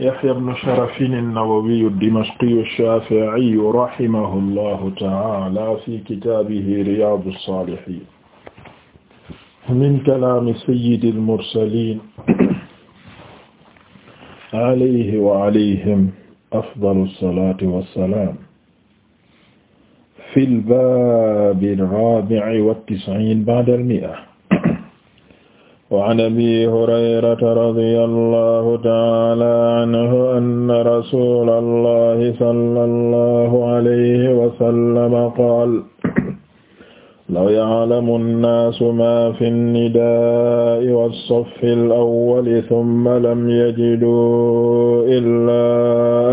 Yahya ibn Sharafin an-Nawawi ad-Dimashqi ash-Shafi'i rahimahullahu ta'ala fi kitabihi Riyad as-Salihin min kalami sayyidi al-mursalin alayhi wa alayhim afdalu as-salati was-salam fi al-babi ar-rabi'i wat-tis'in ba'da al-mi'a وعن أبي هريرة رضي الله تعالى عنه أن رسول الله صلى الله عليه وسلم قال لو يعلم الناس ما في النداء والصف الأول ثم لم يجدوا إلا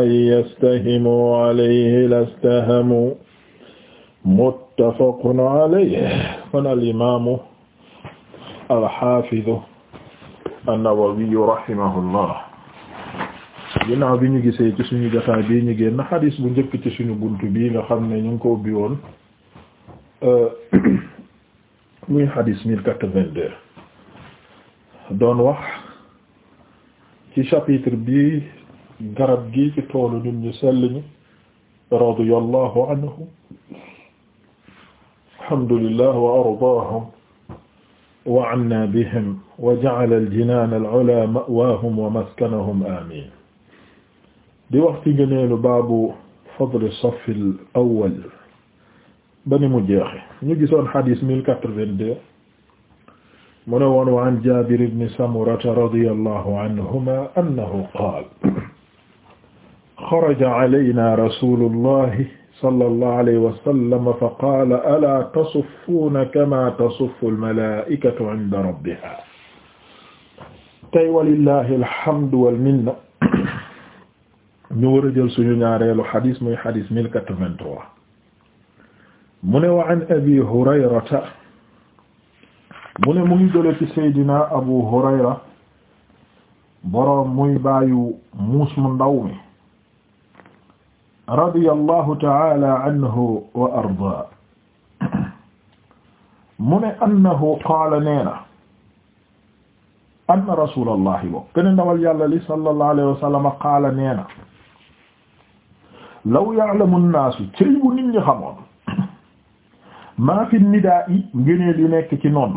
أن يستهموا عليه لاستهموا متفق عليه قال الإمام alxafidu an-Nawawi rahimahullah ginnaaw bi ñu gisee ci suñu jotaay bii ñu génn xadiis bu njëkk ci suñu bunt bi nga xam ne ñu ngi ko ubbi woon euh, muy xadiis mille wax ci chapitre bi garab gi ci toolu ñun ñu sell ñu radiyallahu anhum alhamdulillah wa wa anna bihim wa ja'ala al-jinaan al-'ulaa ma'waahum wa maskanahum amiin di wax ci gëneelu baabu fadli as-saff al-awwal ba ni mu jeexe ñu gisoon xadiis 1082 mu ne woon wa an Jaabir ibn Samura radiyallahu anhumaa annahu qaala xaraja alaynaa rasuulullahi sallallahu alayhi wa sallam fa qaala alaa tasuffuuna kamaa tasuffu al-malaa'ikatu 'inda rabbihaa tey walillahi alhamdu wal minna ñu war a jël suñu ñaareelu xadis muy xadis 1083 mu ne wa an abi hurayrata mu ne mu ngi jële ci saydina abu hurayra boroom muy baayu muus mu ndaw mi radiyallahu ta'ala anhu wa arda mu ne annahu qaala neena anna rasulallahi bokk kene ndawal yàlla li sallallahu alayhi wa sallam qaala neena law ya'lamu nnaasu cëy bu nit ñi xamoon maa fi nidaa'i ngëneel yu nekk ci nodd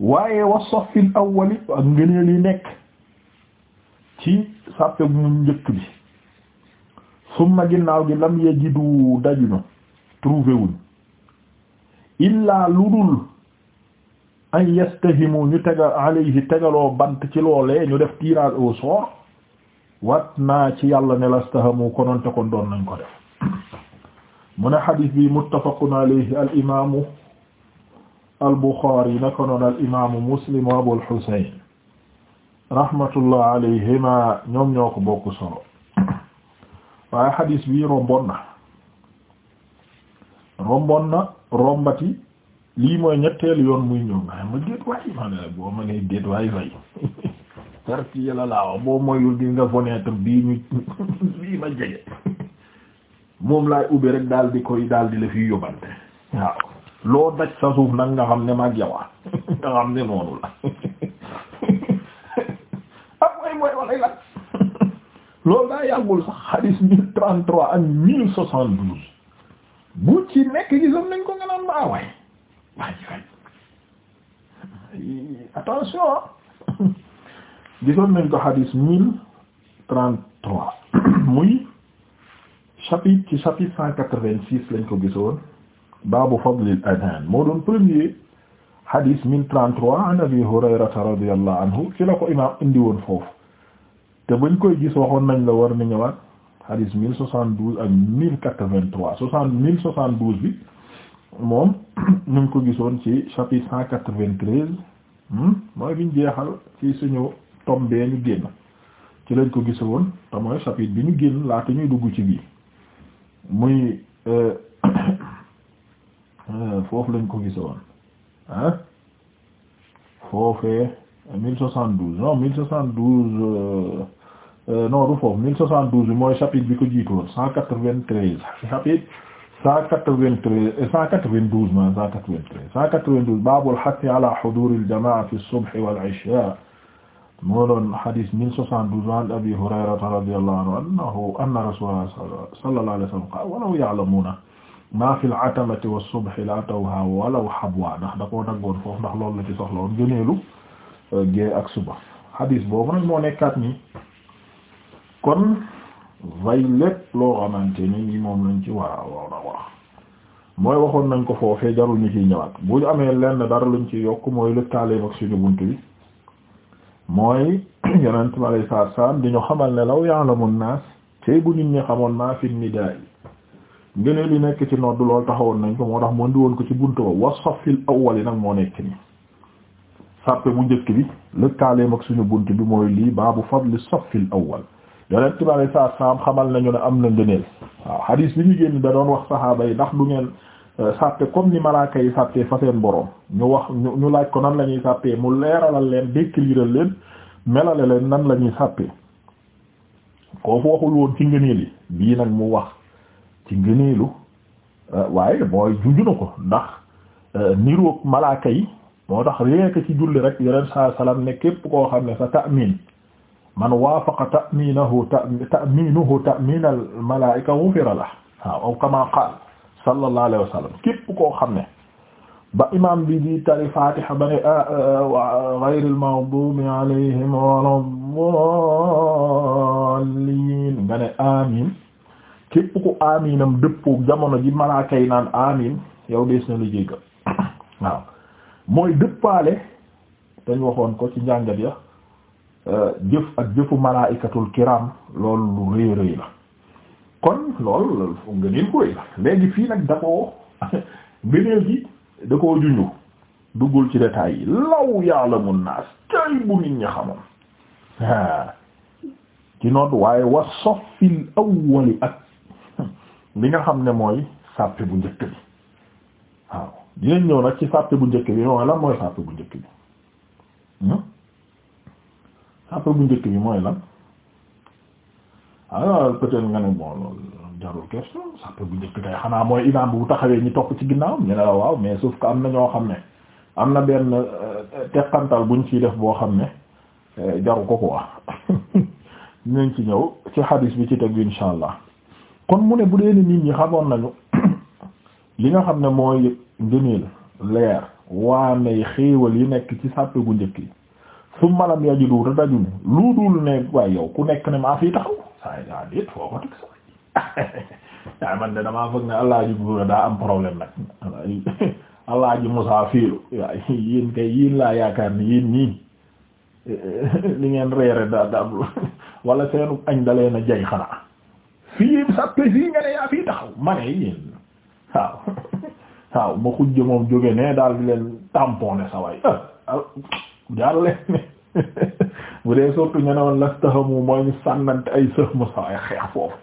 waaye wa safil awwali ak ngëneel yu nekk ci sàppe bu njëkk bi summa ginnaaw gi lam yajidu dajuñu trouvé wuñ illaa ludul an yastahimu ñu tegal alayhi tegaloo bant ci loolee ñu def tirage au sort wat naa ci yàlla ne lastahamu kononte kon doon nañ ko def mu ne xadis bi muttafaqun alayhi al imaamu al buxaari na ko noon al imaamu muslim wa abul xusayn rahmatullah alayhima ñoom ñoo ko bokk solo waaye xadiis bi romboon na romboon na rombati lii mooy ñetteelu yoon muy ñëw nga ma déet ne boo ma nee déet waay la laa wax boo moyul di nga fenêtre bii ñu bii ma jege moom laay ubbi rek daal di koy daal di la fi yóbbante waaw loo daj sa suuf nag nga xam ne mag yawa ah. nga xam ne noonu la loolu daa yàggul sax xadis mille trente trois ak mille soixante douze bu ci nekk gisoon nañ ko nga naan baa ah ah. muy chapitre ci chapitre lañ ko gisoon baabu fadlil adhan moo doon premier xadis mille trente an abi hurayrata radiyallahu anhu ci la ko imaam indi foofu te bañ koy gis waxoon nañ la war na ñëwaat hadis mille soixante douze ak mille quatre vingt trois soixante mille soixante douze bi moom ñu ngi ko gisoon ci chapitre cent quatre vingt treize hmm? mooy biñ jeexal ci suñu tome bee ñu génn ci lañ ko gisoon te mooy chapitre bi ñu génn laata ñuy dugg ci bii muy euh, euh, foofu lañ ko gisoon ah foofee mille soixante douze non mille soixante douze euh, Euh, non du foofu 1072 bi mooy chapitre bi ko jiitu woon 193 chapitre 193 192 man 193 192 baabul hassi ala huduuril jamaa fi subhi wal ishaa moo doon hadis 1072 an abi hurayrata radiyallahu anhu annahu anna rasuulullah sallallahu alayhi wa sallam qaala walaw ya'lamuuna maa fil atamati was subhi la atawhaa walaw habwa ndax da koo daggoon foofu ndax loolu la ci soxla woon gëneelu euh, gée ak suba hadis boobu nag moo nekkaat nii. kon vay loo xamante ni nii moom lañ ci war a war a mooy waxoon nañ ko foofee jarul ñu ciy ñëwaat bu ñu amee lenn dara luñ ci yokk mooy lëkkaaleem ak suñu bunt bi mooy yeneen ma ne law ya'lamu naas tey bu nit ñi xamoon maa fi yi ngëneel li nekk ci nodd lool taxawoon nañ ndi woon ko ci bunt ba wasafil awwal yi nag bi lëkkaaleem ak suñu bunt bi mooy lii baabu yonent bi alei saatu xamal nañu ne am na ngëneel waaw hadis bi ñu génn da doon wax saxaaba yi ndax du ngeen euh, sàppe comme ni malaaka yi sàppe fa seen boroom ñu wax ñu laaj ko nan la ñuy sàppe mu leeralal leen décriral leen melale leen nan la ñuy sàppe koofu waxul woon ci ngëneel yi bii nag mu wax ci ngëneelu euh, waaye mooy junju ko ndax euh, niroog malaaka yi moo tax réeka ci julli rek yonent saa salaam ne képp koo xam ne sa ta'min man waafaqa ta'miinahu ta'miinuhu ta'miina al-malaa'ika ghufira lahu waaw aw kamaa qaala sallallahu alayhi wa sallam képp koo xam ne ba imaam bi di tari Faatiha ba ne ah, ah, ah, ghayril maghduubi alayhim walad-daalliin nga ne amiin képp ku amiinam dëppoo jamono ji malaaka yi naan amiin yow dees na la jéggal waaw mooy dëppaale dañ waxoon ko ci njàngat ya Euh, jëf ak jëfu malaa'ikatul kiram loolu lu rëy rëy la kon loolu ngëneel ku rëy la léegi fii nag da koo ngëneel gi da koo junju duggul ci détails yi law ya'lamu naas tay bu nit ñi xamoon waaye wa soffil awwali ak li nga xam ne mooy sàppe bu njëkk bi waaw dinañ ñëw nag ci sàppe bu njëkk bi mooy lan mooy sàppe bu njëkk bi hmm? après bu njëkk bi mooy lan ah peut-être nga ne bon loolu jarul question après bu njëkk kay xanaa mooy imaam bu taxawee ñi topp ci ginnaaw ñu ne la waaw mais sauf que am na ñoo xam ne am na benn euh, teqantal buñ ciy def boo xam ne euh, jaru ko ko quoi dinañ ci ñëw ci hadis bi ci tegu insha allah kon mu ne bu dee ni nit ñi xamoon nañu li nga xam ne mooy ngëneel leer waamey xéewal yi nekk ci sàppe bu njëkk yi summa lam yajidu te dajuñu lu dul ne waaye yow ku nekk ne maa fi taxaw saa yi daa déet foo ko teg sax yaa man de damaa foog ne allah ji buura daa am problème nag allah ji musaafiru waaye yéen kay yéen laa yaakaar ni yéen ñii li ngeen reere da da wala seenu añ dalee na jay xanaa fii sàppe fii nga yaa fii taxaw ma ne waaw waaw ma xujj moom jóge ne daal leen tamponné sa waay ah, jaaru leen ne bu dee surtout ñu ne woon lastahamu mooy sànnante ay sëxmu sawaay xeex foofu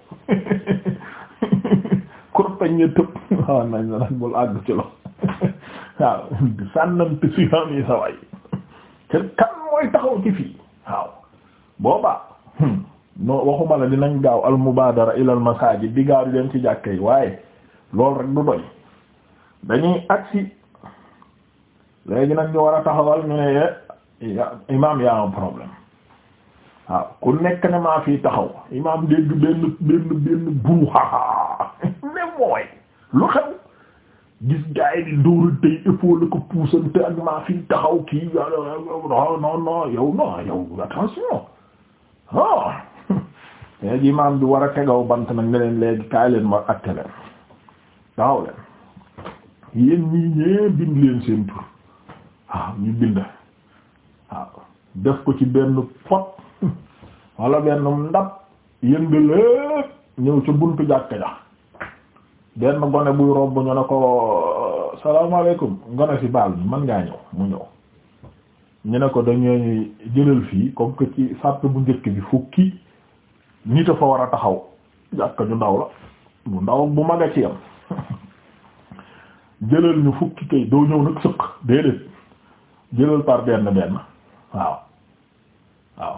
kurpañ ñu tëb waaw nañ la nag bul àgg ci lo waaw sànnante siham yi sawaay te kan mooy taxaw ci fii waaw boobaa hmm, no waxuma la dinañ gaaw al mubadara ila al masajid di gaaw di dem ci jàkka yi waaye loolu rek du doy dañuy agsi léegi nag ñu war a taxawal ñu ne imaam yaa am problème waaw ku nekk ne maa fii taxaw imaam dégg benn benn benn ne mooy lu xew gis gaa di dóora tey épaule ko puusante ak maa fii taxaw kii ah, ah, ah, non non yow non yow attention oh léegi imaam bi war a tegaw bant nag ne leen léegi kaay leen ma atte leen taxaw leen yéen ñii ñee bind leen seen tur waaw ñu bind def ko ci benn pot wala benn ndab yënd lépp ñëw ca buntu jàkka ja benn gone buy romb ñu ne ko euh, salaamaaleykum gone si baal bi mën ngaa ñëw mu ñëw ñu ne ko dañuy jëlal fii comme que ci sàpp bu njëkk bi fukki nit a fa war a taxaw jàkka ju ndaw la bu ndaw bu mag a ci yam jëlal ñu fukki kay doo ñëw nag sëq déedéet jëlal par benn benn waaw waaw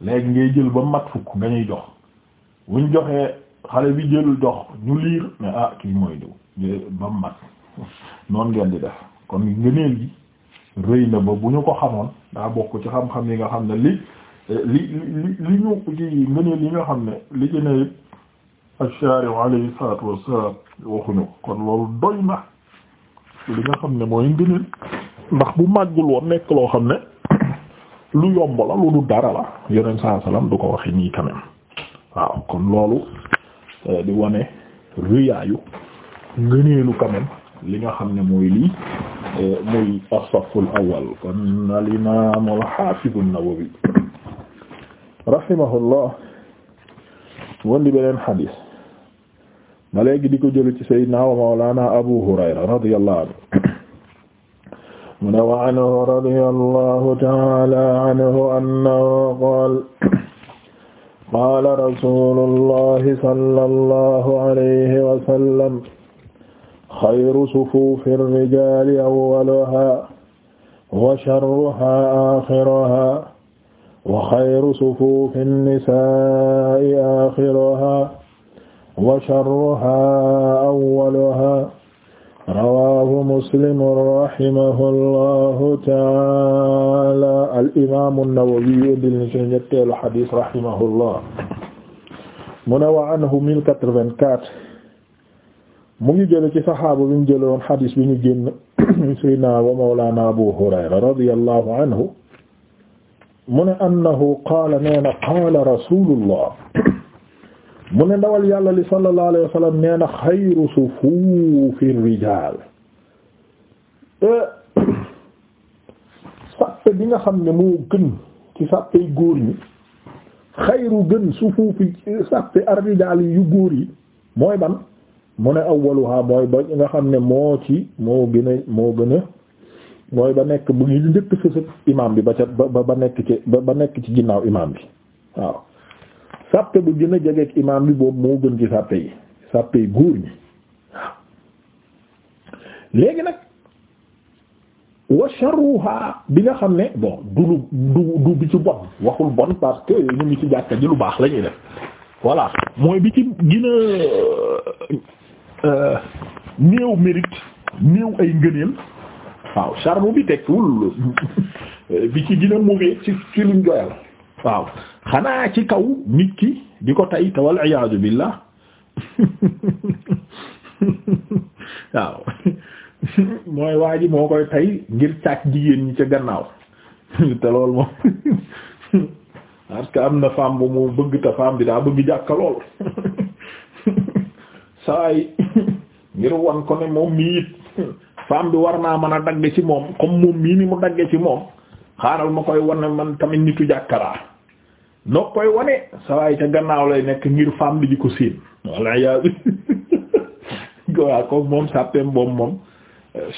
léegi ngay jël ba mat fukk nga ñuy jox buñ joxee xale bi jël jox ñu liir mais ah kii mooy diw ba mat noonu ngeen di def kon ngëneel gi rëy na ba bu ñu ko xamoon daa bokk ci xam-xam yi nga xam ne li li li li ñu ci ngëneel yi nga xam ne li gën a yëpp ash-shari alayhi salatu waxuñu kon loolu doy na li nga xam ne mooy ngëneel ndax bu màggul woon nekk loo xam ne lu yomb la lu du dara la yoneen saa salaam du ko waxe nii quand kon loolu euh, di wane rëyaayu ngëneelu quand li nga xam ne mooy lii euh, muy as-saful awwal kon al imaam al haafiz an-Nawawi rahimahullah won di beneen xadis ba léegi di ko jëlu ci sayyidina wa mawlana Abu Hurayra radiyallahu anhu mu ne wa anhu radiyallahu ta'ala anhu annahu qaala qaala rasuulullahi sallallahu alayhi wa sallam xayru sufuufi rijaali awwaluhaa wa sharruhaa aaxiruhaa wa xayru sufuufi nisaa'i aaxiruhaa wa sharruhaa awwaluhaa rawaahu muslim rahimahullahu taala al imaamu nawawi indil ni suñu ñetteelu xadis rahimahullah mu ne wa anhu mille quatre-vingt-quatre mu ngi jële ci saxaaba bi mu jële woon xadis bi ñu génn sayyidina wa mawlaana abu hurayra radiyallahu anhu mu ne annahu qaala nee na qaala rasulullah mu ne ndawal yàlla li sallallahu alayhi wa sallam nee na xayru sufuufi rijaal e, sàppe bi nga xam ne moo gën ci sàppey góor ñi xayru gën sufuufi sàppe ar-rijaal yu góor yi mooy ban mu ne awwaluha mooy ba nga xam ne moo ci moo gën a moo gën a mooy ba nekk bu ngi njëkk fësëg imaam bi ba ca ba ba nekk ci ba nekk ci ginnaaw imaam bi waaw sàppe bu gën a jegeek imaam bi boobu moo gën ci sàppe yi sàppe yi góor ñi léegi nag wa sharruha bi nga xam ne bon du lu du du bi ci bon waxul bon parce ñu ngi ci jàkka ji lu baax la ñuy def voilà mooy bi ci gën a euh, euh, néew mérite néew ay ngëneel waaw sharru bi tekkiwul bi ci gën a mauvais ci ci luñ joyal waaw xanaa ci kaw nit ki di ko tay te wal iyaadu billah waaw mooy waa ji moo koy tay ngir càkk jigéen ñi ca gannaaw te lool moom parce que am na femme bu mu bëgg te femme bi daa bëgg jàkka lool saa ngir wan ko ne moom mii it femme bi war naa mën a dagge ci moom comme moom mii ni mu dagge ci moom xaaral ma koy wane man tamit nitu jàkkaraa noo koy wane sawaay ca gannaaw lay nekk ngir femme bi ko séen walla yaa waaw comme moom sàppeem boobu moom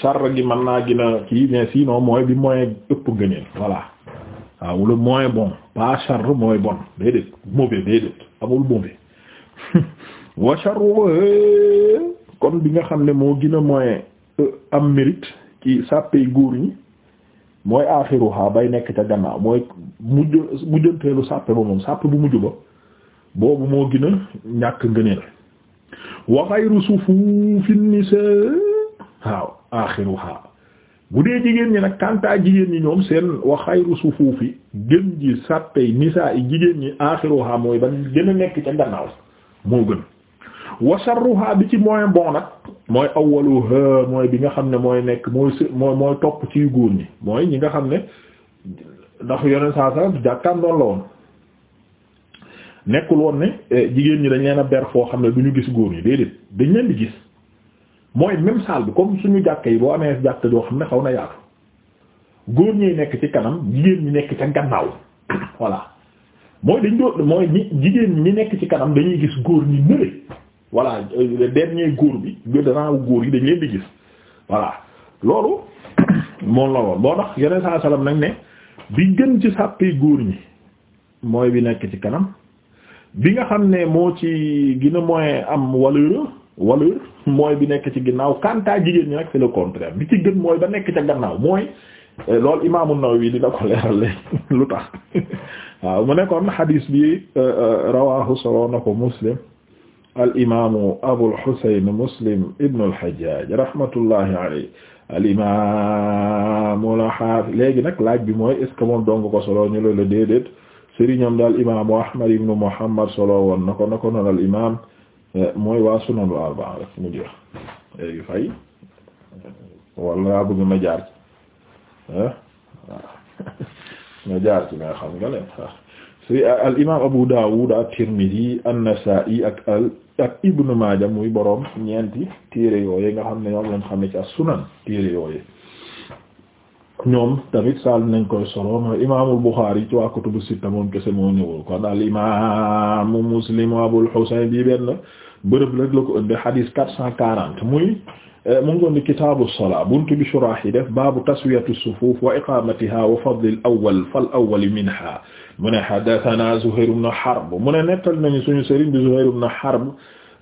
charre gi mën naa gina a kii mais sinon mooy bi moyen ëpp ngëneel voilà waaw le moyen bon pas charre mooy bon déedéet mauvais déedéet amul mauvais wa charre euh, kon bi nga xam ne moo gën a moyen euh, am mérite ci sàppee góor ñi mooy axiruha bay nekk ca gannaaw mooy mujj mujjanteelu sàppe ba moom sàppe bu mujj ba boobu moo gën a ñàkk ngëneel wa xayru sufufin nisa waaw axiruha bu dee jigéen ñi nag kantaa jigéen ñi ñoom seen wa xayru sufuufi gën ji sàppey nisaa yi jigéen ñi axiruha mooy ban gën a nekk ca gannaaw moo gën wa sharruha bi ci mooy bon nag mooy awwaluha mooy bi nga xam ne mooy nekk mooy s mooy mooy topp ci góor ñi mooy ñi nga xam ne ndax yoneen saa saa jàkkaam doon la woon nekkul woon ne eh, jigéen ñi dañ leen a ber foo xam ne du ñu gis góor ñi déedéet dañ leen di gis mooy même salle bi comme suñu jàkk yi boo amee jàkk joo xam ne xaw na yaatu góor ñi nekk ci kanam jigéen ñi nekk ca gannaaw voilà mooy dañ doon mooy ñi jigéen ñi nekk ci kanam dañuy gis góor ñi nëre voilà euh, dernier góor bi gannaaw góor yi dañ leen di gis voilà loolu moom la woon boo tax yeneen saa salaam nag ne bi gën ci sàppee góor ñi mooy bi nekk ci kanam bi nga xam ne moo ci gën a mooy am valeur valeur mooy bi nekk ci ginnaaw kantaa jigéen ñi nag c'est le contraire bi ci gën mooy ba nekk ca gannaaw mooy euh, loolu imaamu Nawawi dina ko leeral lu tax waaw mu nekkoon xadiis bi euh, rawaahu solo na ko Muslim al imaamu Abul Husayn Muslim ibn al-Hajjaj rahmatullahi alayhi al imaamu al laaj bi mooy est ce que moom ko solo ñu la déedéet sëriñam daal Ahmad ibn Muhammad solo woon ko na ko noonu mooy waa sunan al arba'a rek mu jeex léegi fay ah, xam nga ah. si al imaam Abu Dawud at-Tirmidhi an-Nasa'i ak al ak Ibn Maaja muy boroom ñeenti téere yooye nga xam ne ñoom lañ xam ne ci as-Sunan téere yooye ñoom tamit sal nañ koy solo mooy imaamul Bukhari ci waa kutubu sitta moom kese moo ñëwul kon al imaam Muslim Abul Husayn bi benn bërëb rek la ko ëndi hadis quatre cent quarante muy eh, mu ngi doon kitaabu salaa buntu bi shuraax yi def baabu taswiyatu sufuf wa iqamatiha wa fadl al awwal fal awwal minha mu ne haddathana Zuhayr ibn Harb mu ne nettal nañu suñu sëriñ bi Zuhayr ibn Harb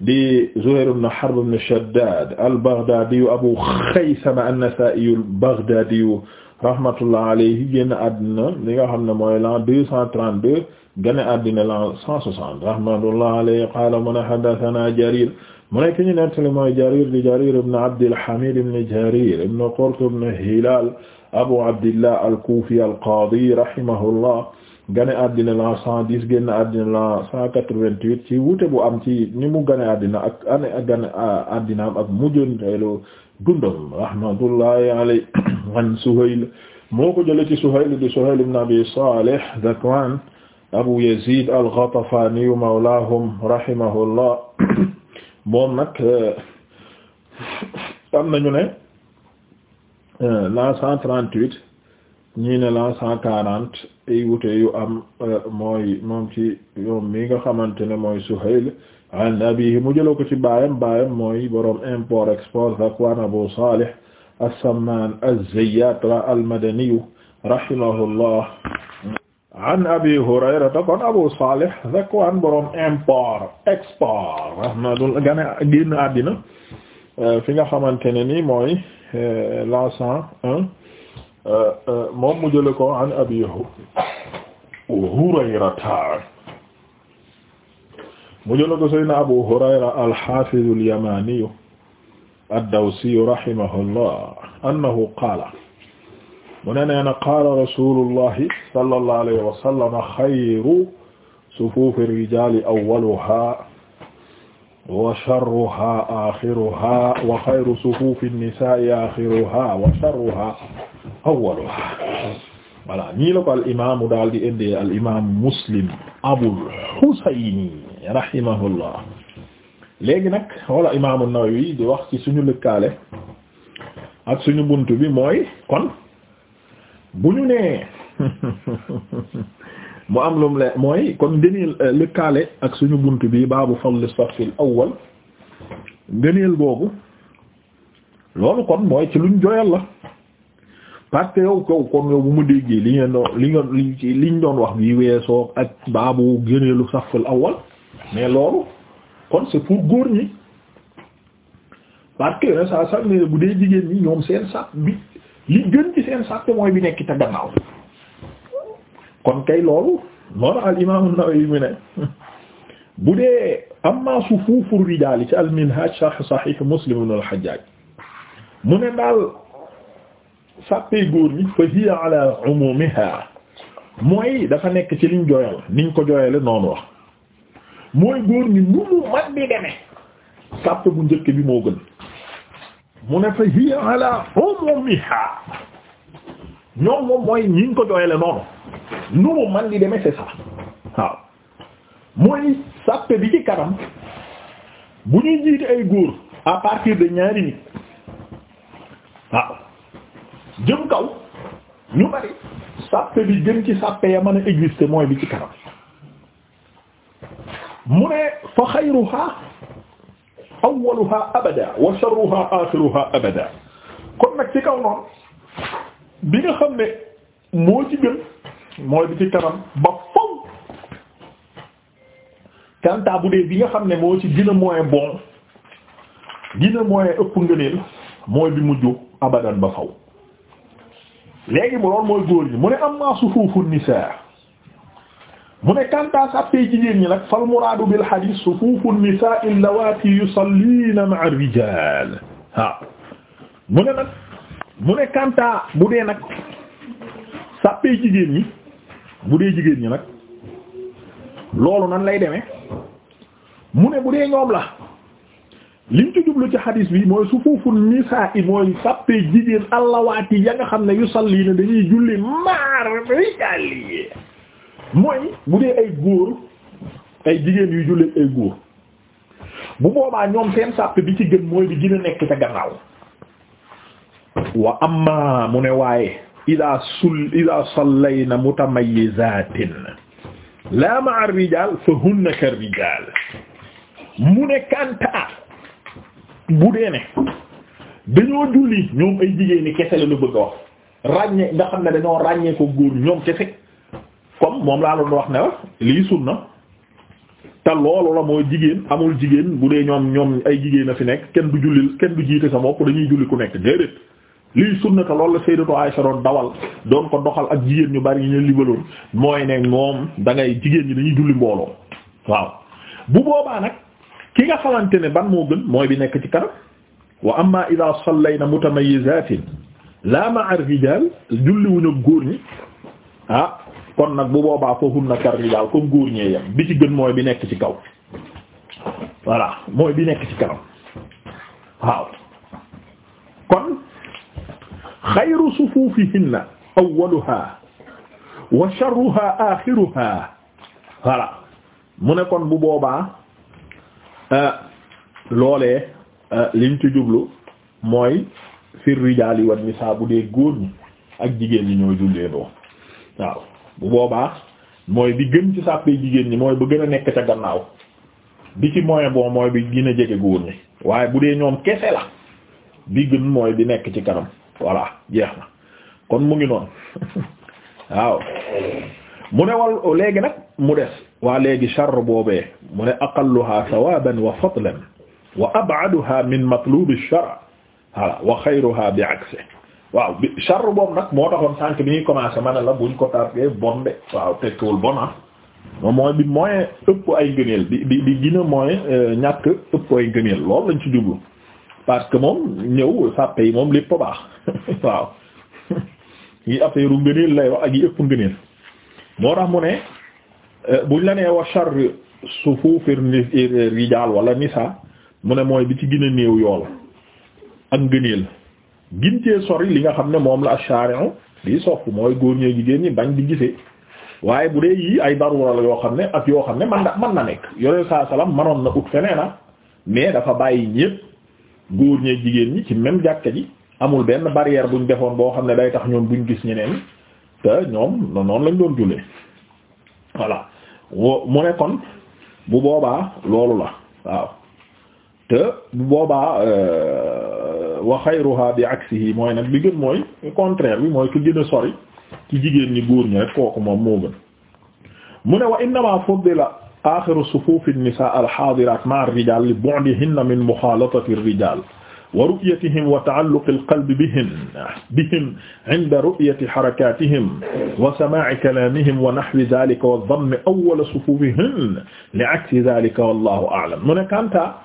di Zuhayr ibn Harb ibn Shaddad al-Baghdadiyu Abu Khaysama an-Nasa'iyu al-Baghdadiyu rahmatullah alayhi génn àddina li nga xam ne mooy l'an 232 génn àddina l'an 160 rahmatullah alayhi qaala mu ne haddathana Jarir mu nekk ñu nettali mooy Jarir di Jarir ibn Abdil Hamid ibn Jarir ibn Qurt ibn Hilal Abu Abdillah al-Kufi al-Qadi rahimahullah gane àddina la cent dix génn àddina la cent quatre-vingt-huit ci bu am ci ni mu gane àddina ak ane gane àddinaam ak mujjanteelu an Suhayl moo ko jële ci Suhayl di Suhayl ibn Abi Salih Dhakwan Abu Yazid al-Ghatafani mawlahum rahimahullah moom nag euh, am nañu ne euh, la cent trente-huit ñii ne la cent quarante ay am euh, mooy moom ci nga xamante ne mooy Suhayl an abihi mu jëloo ko ci baayam mooy boroom import export Zakwan Abu Salih as-Samman az-Zayyat al-Madani rahimahullah an abi Hurayrata Abu Salih Zakwan boroom import export rahmatul gane génn àddina euh, fi nga xamante ne ni mooy euh, la Euh, euh, moom mu jële ko an Abi Hurayrata mu jële ko Seydina Abu Hurayra al-Hafiz al-Yamani ad-Dawsi rahimahullah annahu qaala mu ne nee na qaala rasulullahi sallallahu alayhi wa sallam xayru sufuufi rijaali awwaluhaa wa sharruhaa aaxiruhaa wa xayru sufuufi nisaa'i aaxiruhaa wa sharruhaa awwaluha voilà ñii la ko al imaamu daal di indee al imaamu muslim abul husayni rahimahullah léegi nag wala imaamu nawawi di wax ci suñu lëkkaale ak suñu bunt bi mooy kon bu ñu nee mu am lum le mooy kon ngëneel euh, lëkkaale ak suñu bunt bi baabu fadl safil awwal ngëneel boobu loolu kon mooy ci luñ joyal la parce que yow kaw kon yow bu ma déggee li ngeen doon li nga liñ doon wax bi weesoo ak baabu gëneelu safal awal mais loolu kon c'est pour góor ñi parce que yeneen saa sax ne bu dee jigéen ñi ñoom seen sàpp bi li gën ci seen sàpp mooy bi nekk ca kon kay loolu noonu al imam an-Nawawi mu ne bu dee amma sufufu rijaal ci al-Minhaj sharh Sahih Muslim ibn al-Hajjaj mu ne daal sàppee góor ñi fa hiya ala umumiha mooy dafa nekk ci liñ jooyal niñ ko jooyale noonu wax mooy góor ñi nu man bi demee sàpp bu njëkk bi moo gën mu ne fa hiya ala umumiha ñoom moom mooy ñiñ ko jooyale noonu nu mu man di demee c'est ça waaw mooy sàppe bi ci kanam bu ñuy jiite ay góor à de ñaari nit waaw jëm kaw ñu bari sàppe bi gën ci sàppe ya mën a exister mooy bi ci kanam mu ne fa xayruha awwaluha abada wa sharruha axiruha abada kon nag ci kaw noonu bi nga xam ne moo ci gën mooy bi ci kanam ba faw kanta bu dee bi nga xam ne moo ci gën a mooy bon gën a mooy ëpp ngëneel mooy bi mujj abadan ba faw léegi mu loolu mooy góor ñi mu ne amma sufuufu nisaa mu ne kantaa sàppee jigéen ñi nag fal muraadu bil hadiis sufuufu nisaa allawaati yusalliina ma'a rijaal ha mu ne nag mu ne kantaa bu dee nag sàppee jigéen ñi bu dee jigéen ñi nag loolu nan lay demee mu ne bu dee ñoom la liñ ci jublu ci xadis bi mooy sufuufu nisaa i mooy sàppee jigéen allawaati ya nga xam ne yu salli dañuy julli maar rijaali mooy bu dee ay góor ay jigéen yuy julli ay góor bu boobaa ñoom seen sàpp bi ci gën mooy di gën nekk ca gannaaw wa amma mu ne waaye ida sul ida sallayna mutamayyizatin la ma'a ar-rijal fa hunna kar-rijal mu ne kanta bu dee ne dañoo julli ñoom ay jigéen ñi kese la lu bëgg wax ràññee nga xam ne dañoo ràññee ko góor ñoom kese comme moom laa doon wax ne la lii na te loolu la moo jigéen amul jigéen bu dee ñoom ñoom ay jigéen a fi nekk kenn bu julli kenn bu jiite sa bopp dañuy julli ku nekk déedéet lii na te loolu la Sayyidatu Aisha doon dawal doon ko doxal ak jigéen ñu bari ñu ne libaloon mooy ne moom da ngay jigéen ñi dañuy julli mbooloo waaw bu boobaa nag. ki nga xamante ne ban moo gën mooy bi nekk ci kanam wa amma ida sallayna mutamayyizatin la ma'a rijal julli wuñu góor ñi ah kon nag bu boobaa foofu na kar rijal comme góor ñee yem bi ci gën mooy bi nekk ci kaw voilà mooy bi nekk ci kanam waaw kon xayru sufuufihinna awwaluha wa sharruha axiruha voilà mu ne kon bu boobaa Euh, loolee euh, liñ ci jublu mooy fir rijaali wan nisaa bu dee góor ñi ak jigéen ñi ñooy jullee doo waaw bu boobaa mooy bi gën ci sàppee jigéen ñi mooy ba gën a nekk ca gannaaw bi ci moyen bon mooy bi gën a jege góor ñi waaye bu dee ñoom kese la bi gën mooy bi nekk ci kanam voilà jeex na kon mu ngi noonu waaw mu ne wal léegi nag mu des waa léegi charr boobee mu ne aqalluha sawaban wa fadlan wa ab'aduha min matlubi shar' wa xayruha bi aksi waaw bi charr boobu nag moo taxoon sànq bi ñuy commencé ma ne la buñ ko targee bon de waaw tekkiwul bon ah moom mooy bi mooy ëpp ay gëneel bi bi mooy euh, ñàkk ëpp ay gëneel loolu lañ ci jublu parce que moom ñëw sàppe yi moom lépp baax waaw yi affaire u ngëneel lay ak yi ëpp ngëneel moo tax mu ne bu euh, buñ la nee wa char sufuufir rijaal wala nisa mu ne mooy bi ci gën a néew yool ak ngëneel gin cee sori li nga xam ne moom la ak ashari'u di sopp mooy góor ñee jigéen ñi bañ di gisee waaye bu dee yii ay darura la yoo xam ne ak yoo xam ne man na man na nekk yoneen saa salaam manoon na ut feneen ah, mais dafa bàyyi ñépp góor ñee jigéen ñi ci même jàkka ji amul benn barrière buñ defoon boo xam ne day tax ñoom buñ gis ñeneen te ñoom noonu lañ doon jullee wo mu ne kon bu boobaa loolu la waaw te bu boobaa euh, wa xayruha bi aksihi mooy nag bi gën mooy contraire bi mooy ku gën a sori ci jigéen ñi góor ñi rek kooku moom moo gën mu ne wa innama fuddila axiru sufuufi nisaa al xaadiraat ma'a ar rijaal li bu'dihinna min muxaalatati ar rijaal wa ru'yatihim wa ta'alluq al-qalbi bihim bihim 'inda ru'yati harakatihim wa sama'i kalamihim wa nahwi dhalika wa damm awwal sufufihim li'aksi dhalika wallahu a'lam mu ne Kanta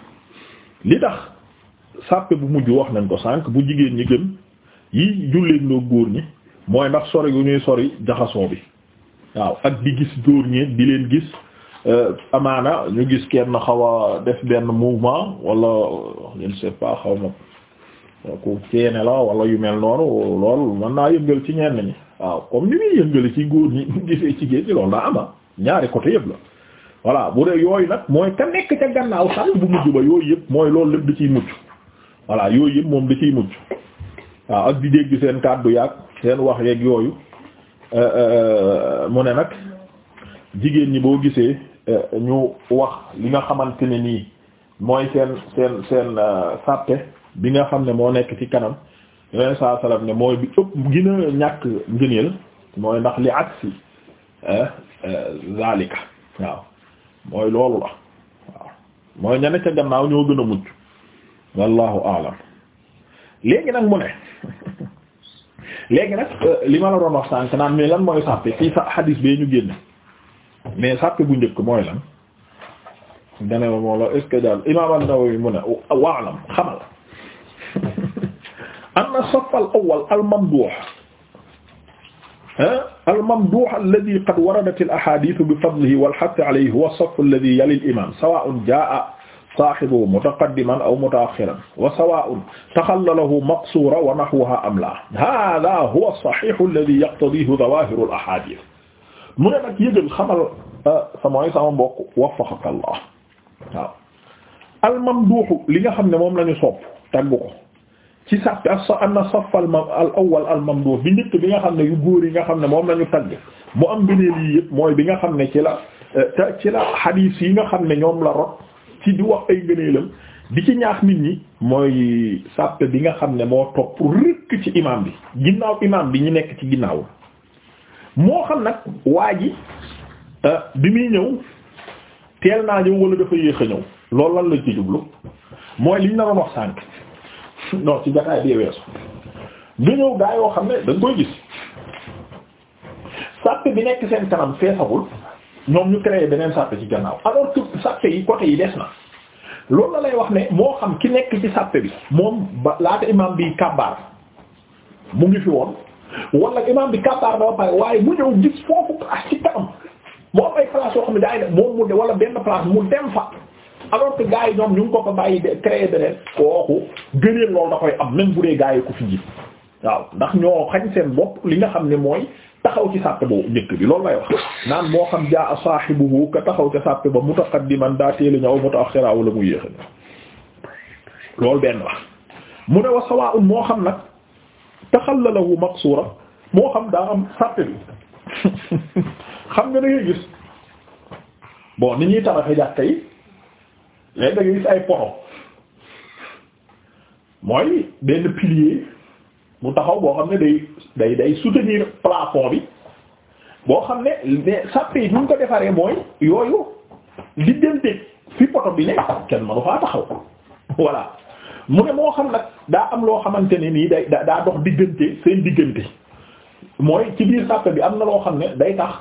li tax sàppe bu mujj wax nañ ko sànq bu jigéen ñi gën yi julleen loo góor ñi mooy ndax sori gu ñuy sori jaxasoo bi waaw ak di gis góor ñi di leen gis Euh, amaana ñu gis kenn xaw a def benn mouvement wala je ne pas xaw ma ku ceene la wala yu mel noonu lool mën naa yëngal ci ñenn ñi waaw comme ni muy yëngale ci góor ñi bu gisee ci géej gi loolu daa ama ñaari côté yëpp la voilà bu dee yooyu nag mooy ka nekk ca gannaaw sànq bu mujj ba yooyu yëpp mooy lool lépp da ciy mucc voilà yooyu yëpp moom da ciy mucc waaw ak di dégg seen kàddu yaag seen wax yeeg yooyu euh, euh, mu ne nag jigéen ñi boo gisee ñu wax li nga xamante ne nii mooy seen seen seen euh, sàppe bi nga xam ne moo nekk ci kanam yeneen saa sallam ne mooy bi ëpp gën a ñàkk ngëneel mooy ndax li aksi euh, euh, zalika waaw mooy loolu la mooy ñane ca gannaaw ñoo gën a mucc wallahu aalam léegi nag mu ne léegi nag li ma la doon wax sànk naan mais lan mooy sàppe ci sa xadiis bee ñu génn mais sàppe bu njëkk mooy lan dane moo la est-ce que daal imam an-Nawawi mu ne waalam xamal anna saff al-awwal al-mamduh al-mamduh alladhi qad waradat al-ahadith bi fadlihi wal-hath alayhi huwa as-saff alladhi yali al-imam sawa'un jaa'a saahibuhu mutaqaddiman aw muta'akhkhiran wa sawa'un takhallalahu maqsura wa nahwaha am la hadha huwa as-sahih alladhi yaqtadihi dhawahiru al-ahadith mu ne nag yëgal xamal euh, sa mooy sama mbokk waffaqaka Allah waaw almamduuxu li nga xam ne moom lañu ñu sopp tagg ko ci sàppi anna saff al bi njëkk bi nga xam ne yu góor yi nga xam ne moom lañu ñu tagg mu am beneen yi yëpp mooy bi nga xam ne ci la euh, ci la xadiis yi nga xam ne ñoom la rot ci di wax ay ngëneelam di ci ñaax nit ñi mooy sàppe bi nga xam ne moo topp rëkk ci imaam bi ginnaaw imaam bi ñu nekk ci ginnaaw moo xam nag waa ji euh, bi muy ñëw teel naa ñëw wala dafa yéex a ñëw lool lan lañ ci jublu mooy liñ la doon wax sànq non ci jataay bi weesu nga ñëw gaa yoo xam ne da koy gis sàppe bi nekk seen kanam feesagul ñoom ñu créé beneen sàppe ci gannaaw alors que sàppe yi côté yi des na loolu la lay wax ne moo xam ki nekk ci sàppe bi moom ba laata imaam bi kàbbaar mu ngi fi woon wala imaam bi kàbbaar ba pare waaye mu ñëw gis foofu place ci kanam moo am ay place yoo xam ne daay ne moom mu de wala benn place mu dem fa alors que gars ñoom ñu ngi ko ko bàyyi créé beneen kooku gënee loolu da koy am même bu dee gars ko fi ji waaw ndax ñoo xañ seen bopp li nga xam ne mooy taxaw ci sàppe boobu njëkk bi loolu lay wax naan moo xam jaa a saahibuhu ka taxaw ca sàppe ba mutaqaddiman daa teela ñëw mutaaxira wala mu yéexa loolu benn wax mu ne wa sawaa'un moo xam nag taxallalahu maqsuura moo xam daa am sàppe bi xam nga da ngay gis bon ni ñuy tabaxe jàkka yi léegi da gis ay poto mooy benn pilier mu taxaw boo xam ne day day day soutenir plafond bi boo xam ne mais sàppe yi ñu ko defaree mooy yooyu diggante fi poto bi ne kenn mënu faa taxaw voilà mu ne moo xam nag daa am loo xamante ne nii day daa dox diggante seen diggante mooy ci biir sàppe bi am na loo xam ne day tax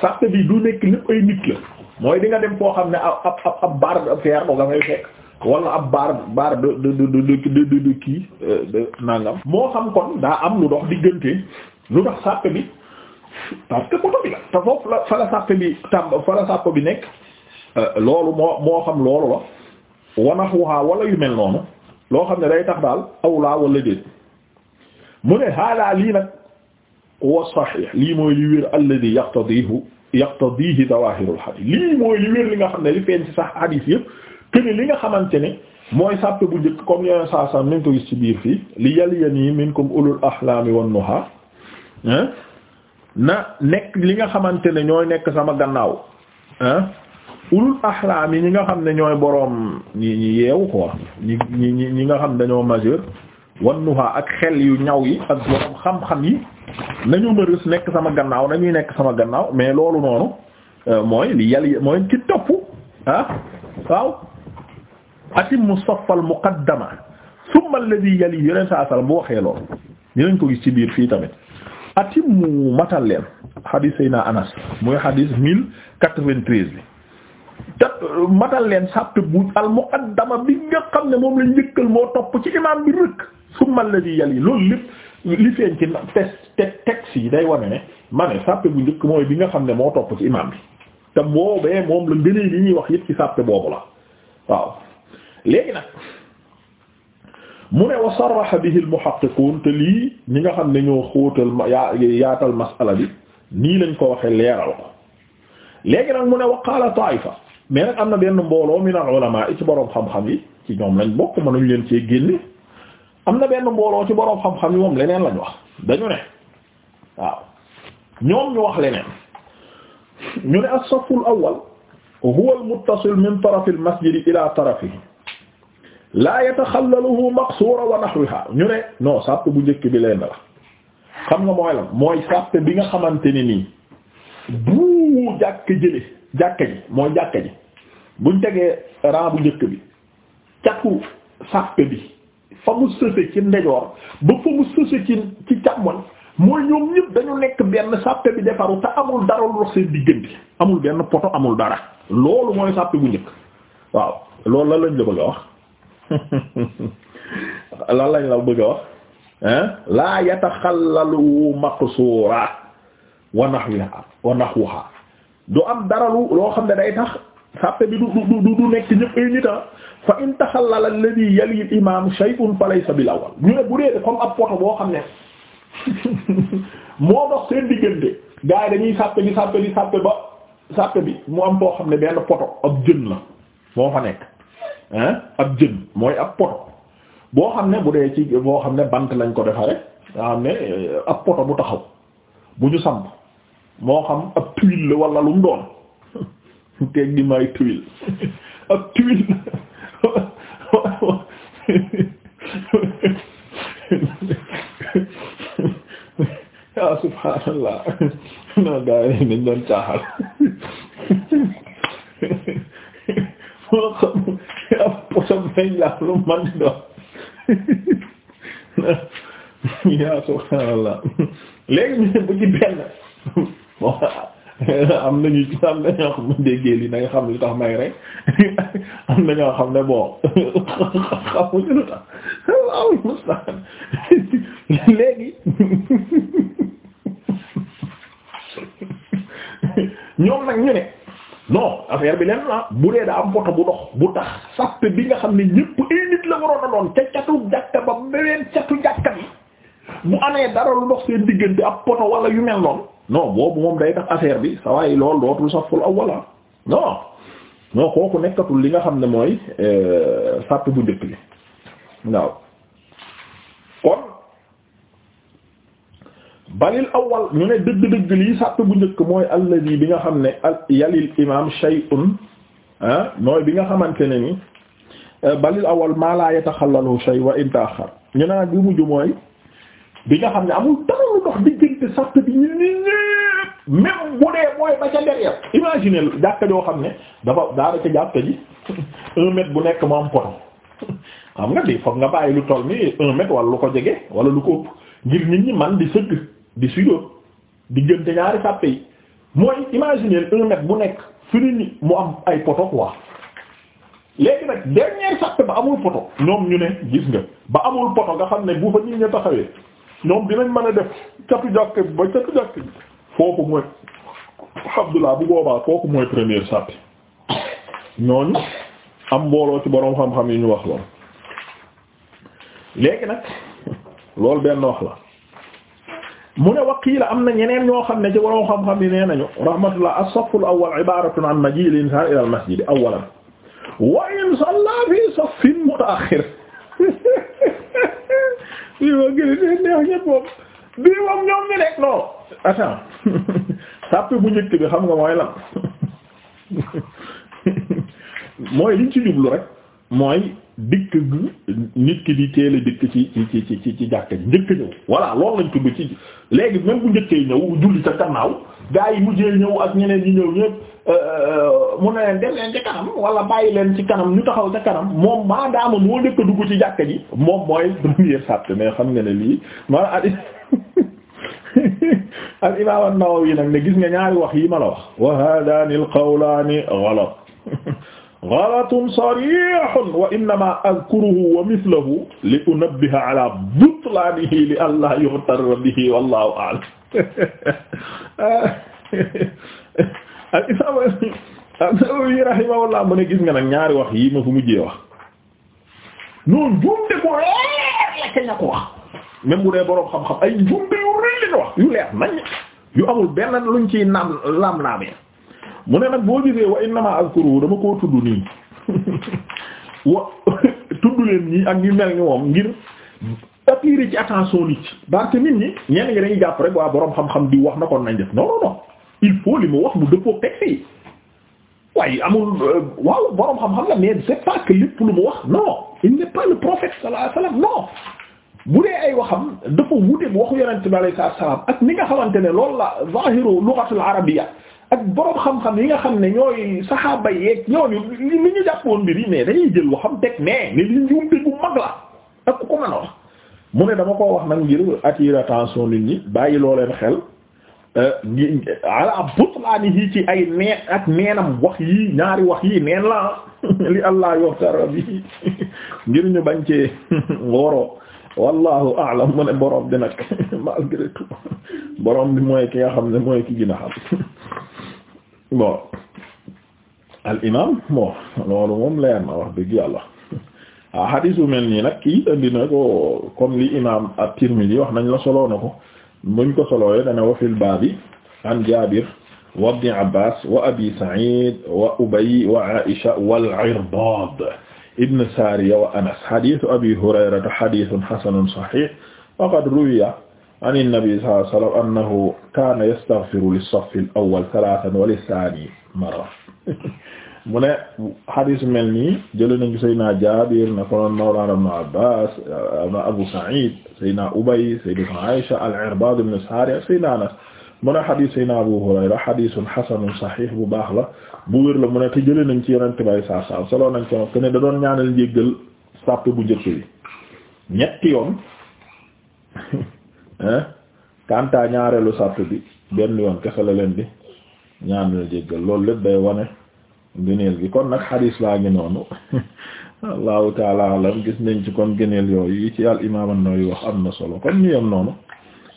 sàppe bi du nekk lépp ay nit la mooy di nga dem foo xam ne ab ab ab barre de fer boo nga fay fekk wala ab barre barre de de de de de kii euh, de nangam. moo xam kon daa am lu dox diggante lu dox sàppe bi parce que poto bi la te foofu la fa la sàppe bi tàmb fa la sàppe bi nekk euh, loolu moo moo xam loolu la wanax waxaa wala yu mel noonu. loo xam ne day tax daal awlaa wala déet mu ne haadaa lii nag wa saxiix lii mooy li wér alladi yaqtadiihu yaqtadiihi dawaahirul xadiis lii mooy li li nga xam ne li feeñ sax xadiis yëpp këni li nga xamante ne mooy sàppe bu njëkk comme yeneen saa saa nañ ko gis biir fii li yalyanii minkum ulul ahlaami wan nuhaa na nekk li nga xamante ne ñooy nekk sama gannaaw ah ulul ahlam yi ñi nga xam ne ñooy boroom ñi ñi yeewu ko ñi ñi ñi nga xam dañoo majeur wan nuha ak xel yu ñaw yi ak boroom xam-xam yi nañu ma nekk sama gannaaw nañuy nekk sama gannaaw mais loolu noonu euh, mooy li mooy ci topp ah waaw atimmu saffal muqaddama thumma alladhi yali yeneen saa sal bu waxee loolu dinañ ko gis ci biir fii tamit atimmu matal leen hadith sayna Anas mooy hadith mille quatre-vingt-treize bi te euh, matal leen sàpp bu al muqaddama bi nga xam ne moom la njëkkal moo topp ci imaam bi rëkk di alladhi yali loolu lépp li feeñ ci te texte yi day wane ne ma ne sàpp bu njëkk mooy bi nga xam ne moo topp ci imaam bi te boobee moom la ngënee li ñuy wax yëpp ci sàpp boobu la waaw léegi nag mu ne wa sarraha bihi al muhaqqiqun te lii ñi nga xam ne ñoo xóotal yaa yaatal masala bi nii lañ ko waxee leeral ko léegi nag mu ne wa qaala fa mais nag am na benn mbooloo min al ulama ci boroom xam-xam yi ci ñoom lañ bokk ñu leen cee génne am na benn mbooloo ci boroom xam-xam yi moom leneen lañ wax dañu ne waaw ñoom ñu wax leneen ñu ne as-saful awwal huwa al-muttasil min tarafi al-masjid ila tarafihi la yataxallaluhu maqsura wa nahwiha ñu ne non sàpp bu njëkk bi leen la xam nga mooy la mooy sàpp bi nga xamante ni nii bu jàkk jële jàkka ji mooy jàkka ji buñ tegee ran bu njëkk bi catu sàppe bi fa mu sëse ci ndejoor ba fa mu sëse ci ci càmmoñ mooy ñoom ñëpp dañu nekk benn sàppe bi defaru te amul dara lu amul benn poto amul dara loolu mooy sàppe bu njëkk waaw loolu la lañ la bëgg a wax lan lañ la bëgg a wax hein laa yataxallalu maqsuura wa nahwiha wa nahwaha du am dara lu loo xam ne day tax sàppe bi du du du nekk ñëpp ay nit ah. fa in taxallala alladhi yali al-imam shay'un sa bil awwal ñu ne bu dee comme ab poto boo xam ne moo dox seen diggante gars yi dañuy sàppe bi sàppe bi sàppe ba sàppe bi mu am boo xam ne benn poto ab jën la moo fa nekk ah ab jën mooy ab poto boo xam ne bu dee ci boo xam ne bant lañ ko defare nga ne eh, ab poto bu taxaw bu ñu samp moo xam ab tuile la wala lu doon teg gi may tuile ab tuile yaa subhaanallah non gaa yi dañ caaxal moo xam ab potam nañ laa man di doon yaa subhaanallah léegi ñu ne bu ci benn bon am nañu am na ñoo xam ne déggee li na am na ñoo xam ne bon xamuñu lu léegi ñoom nag ñu ne non affaire bi leen la bu dee daa am poto bu dox bu tax sàppe bi nga xam ne ñëpp ay nit la waroon a doon ca catu jàkka ba beneen catu jàkka bi mu amee dara lu dox seen diggante ab poto wala yu mel noonu non boobu moom day tax affaire bi sa waaye loolu dootul saful awwala non non kooku nekkatul li nga xam ne mooy euh, sàpp bu njëkk bi waaw kon ñu ne dëgg bu njëkk mooy alladi bi nga xam ne al yalil imam shay'un ah mooy bi nga xamante ne ni euh, balil awwal maa laa yataxallalu shay wa in ta'akhkhar ñu ne nag bu mujj mooy bi nga xam ne amul dara lu dox diggante sart bi ñu ni ñépp même bu dee mooy ba ca derrière imaginez jàkka joo xam ne dafa daara ca jàkka ji un mètre bu nekk mu am poto xam nga di foog nga bàyyi lu toll ni un mètre wala lu ko jege wala lu ko ëpp ngir nit ñi man di sëgg di sujjóot diggante ñaari sàppe yi mooy imaginer un mètre bu nekk fi nit ñi mu am ay poto quoi léegi nag dernière sàppe ba amul poto ñoom ñu ne gis nga ba amul poto nga xam ne bu ñoom dinañ mën a def catu jàkk bi ba catu jàkk bi foofu mooy bu boobaa foofu mooy première sàppi ñooñu am mbooloo ci boroom xam-xam yi ñu wax lool léegi nag loolu benn wax la mu ne waqiila am na ñeneen ñoo xam ne ci boroom xam-xam yi nee nañu rahmatullah as-saffu al-awwal ibaratun an maji l insaan ila al masjid awalan wa in salla fi saffin mutaakhir bii moom gën ñoom ñu nekk non attends sàppe bu njëkk bi xam nga mooy lan mooy liñ ci jublu rek mooy dikk nit ki di teel a dikk ci ci ci ci ci ji njëkk ñëw voilà loolu lañ tudd ci léegi même bu njëkkee ñëw julli ca kannaaw gaa yi mujjee ñëw ak ñeneen ñi ñëw ñëpp mu ne leen dem leen ci kanam wala bàyyi leen ci kanam ñu taxaw ca kanam moom maadaama moo njëkk a dugg ci jàkka ji moom mooy premier sàpp mais xam nga ne lii man al imaam an-Nawawi nag ne gis nga ñaari wax yi ma la wax wa haadaani al-qawlaani ghalat ghalatun sarihun wa innama adhkuruhu wa mithluhu li unabbiha ala butlaanihi li an laa yughtarra bihi wallahu a'lam al imaam an-Nawawi rahimahullah mu ne gis nga nag ñaari wax yii ma fu mujjee wax noonu jumte bu leer la ña ko wax même bu dee boroom xam-xam ay jumte yu rëy la yu leer nañ yu amul benn luñ ciy naam laam naamee mu ne nag boo gisee wa innama azkuru dama koo tudd nii wa tudd leen ñii ak ñu mel ngi moom ngir attirer ci attention nit ci parce nit ñi ñenn ñi dañuy jàpp rek waa boroom xam-xam di wax na kon nañ def non non il faut li mu wax bu dëppoo texte yi waaye amul euh, waaw borom xam-xam la mais c'est pas que lépp lu mu wax non il n'est pas le prophète sallallahu alayhi wa bu dee ay waxam dafa wuute bu waxu yonent bi alayhi salaam ak ni nga xamante ne lool la zahiru lughatul arabiyya ak borom xam-xam yi nga xam ne ñooy saxaaba yeeg ñooñu li ñu jàppoon mbir yi mais dañuy jël waxam teg mais ne li njuumte bu mag la ak ku ko mën a wax mu ne dama koo wax nag ngir attirer attention nit ñi bàyyi loo leen xel. Euh, ala butlaanihi ci ay neen ak neenam wax yi ñaari wax yii neen la li allah yoxtara bi ngir ñu bañ ci ngoro wallahu a'lam mu ne borom bi nag malgré tout borom bi mooy ki nga xam ne mooy ki gën a xam bon al imam loolu moom leer na wax dëgg yàlla ah hadis bu mel nii nag kii indi na ko comme li imam at-Tirmidhi wax nañ la soloo ko muñ ko solooyee dana wa fil baabi an Jaabir wa ibni Abbaas wa Abi Sa'iid wa Ubay wa Aa'isha wal Irbaad ibn Saariya wa Anas hadiisu Abi Hurayrata hadiisun hasanun sahiih wa qad ruwiya an an-nabii sallallaahu alayhi wa sallam annahu kaana yastaghfiru lis-saffi al-awwal thalaathan wa lis-saani marra mu ne hadis mel nii jëlee nañ Seydina Jaabir na ko noon Mawlaana Ibn Abbaas Abu Saïd Seydina Ubay Seydina Aysa al-Irbaad ibn Saariya Seydina Anas mu ne hadis Seydina Abu Hurayra hadisun hasanun saxiix bu baax la bu wér la mu ne te jëlee nañ ci Yonent bi saa saa solo nañ ko ne da doon ñaanal njéggal sàpp bu njëkk bi ñetti yoon kanta ñaareelu sàpp bi benn yoon kese la leen di ñaanal njéggal loolu lépp day wone gëneel gi kon nag xadis laa ngi noonu allahu taala alam gis nañ ci kon gëneel yooyu yi ci al imam an-Nawawi wax am na solo kon ñu yem noonu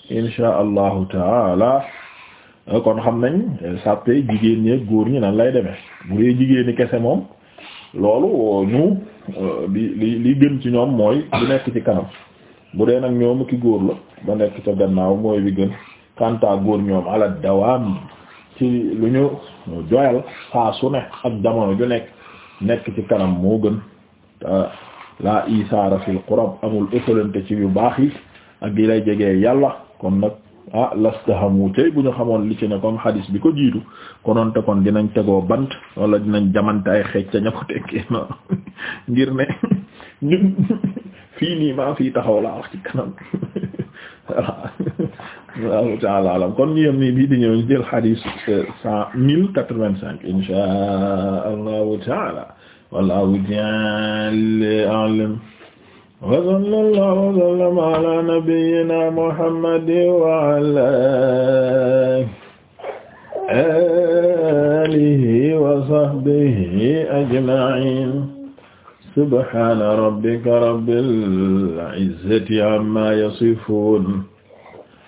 insha allahu taala kon xam nañ sàppe jigéen ñeeg góor ñi nan lay deme bu dee jigéen kese moom loolu ñu li li li gën ci ñoom mooy bu nekk ci kanam bu dee nag ñoom ki góor la ba nekk ca gannaaw mooy bi gën kanta góor ñoom ala dawaam ci lu ñu joyal saa su ne ak jamono ju nekk nekk ci kanam moo gën la isaara fil qurab amul étalante ci yu baax yi ak yi lay jegee yàlla kon nag ah lastahamu tey bu ñu xamoon li ci ne comme hadis bi ko jiitu kononte kon dinañ tegoo bant wala dinañ jamante ay xeej ca ña ko tekkee noonu ngir ne fii nii maa fii taxaw laa wax ci kanam voilà wallahu ta'ala alam kon ñu yem ni bii di ñëw ñu jël hadis euh, cent mille quatre-vingt-cinq insha allahu ta'ala wallahu ta'ala alam wa sallallahu wa sallama ala nabiyyina muhammadin wa ala alihi wa sahbihi ajma'in subhana rabbika rabbil izzati amma yasifun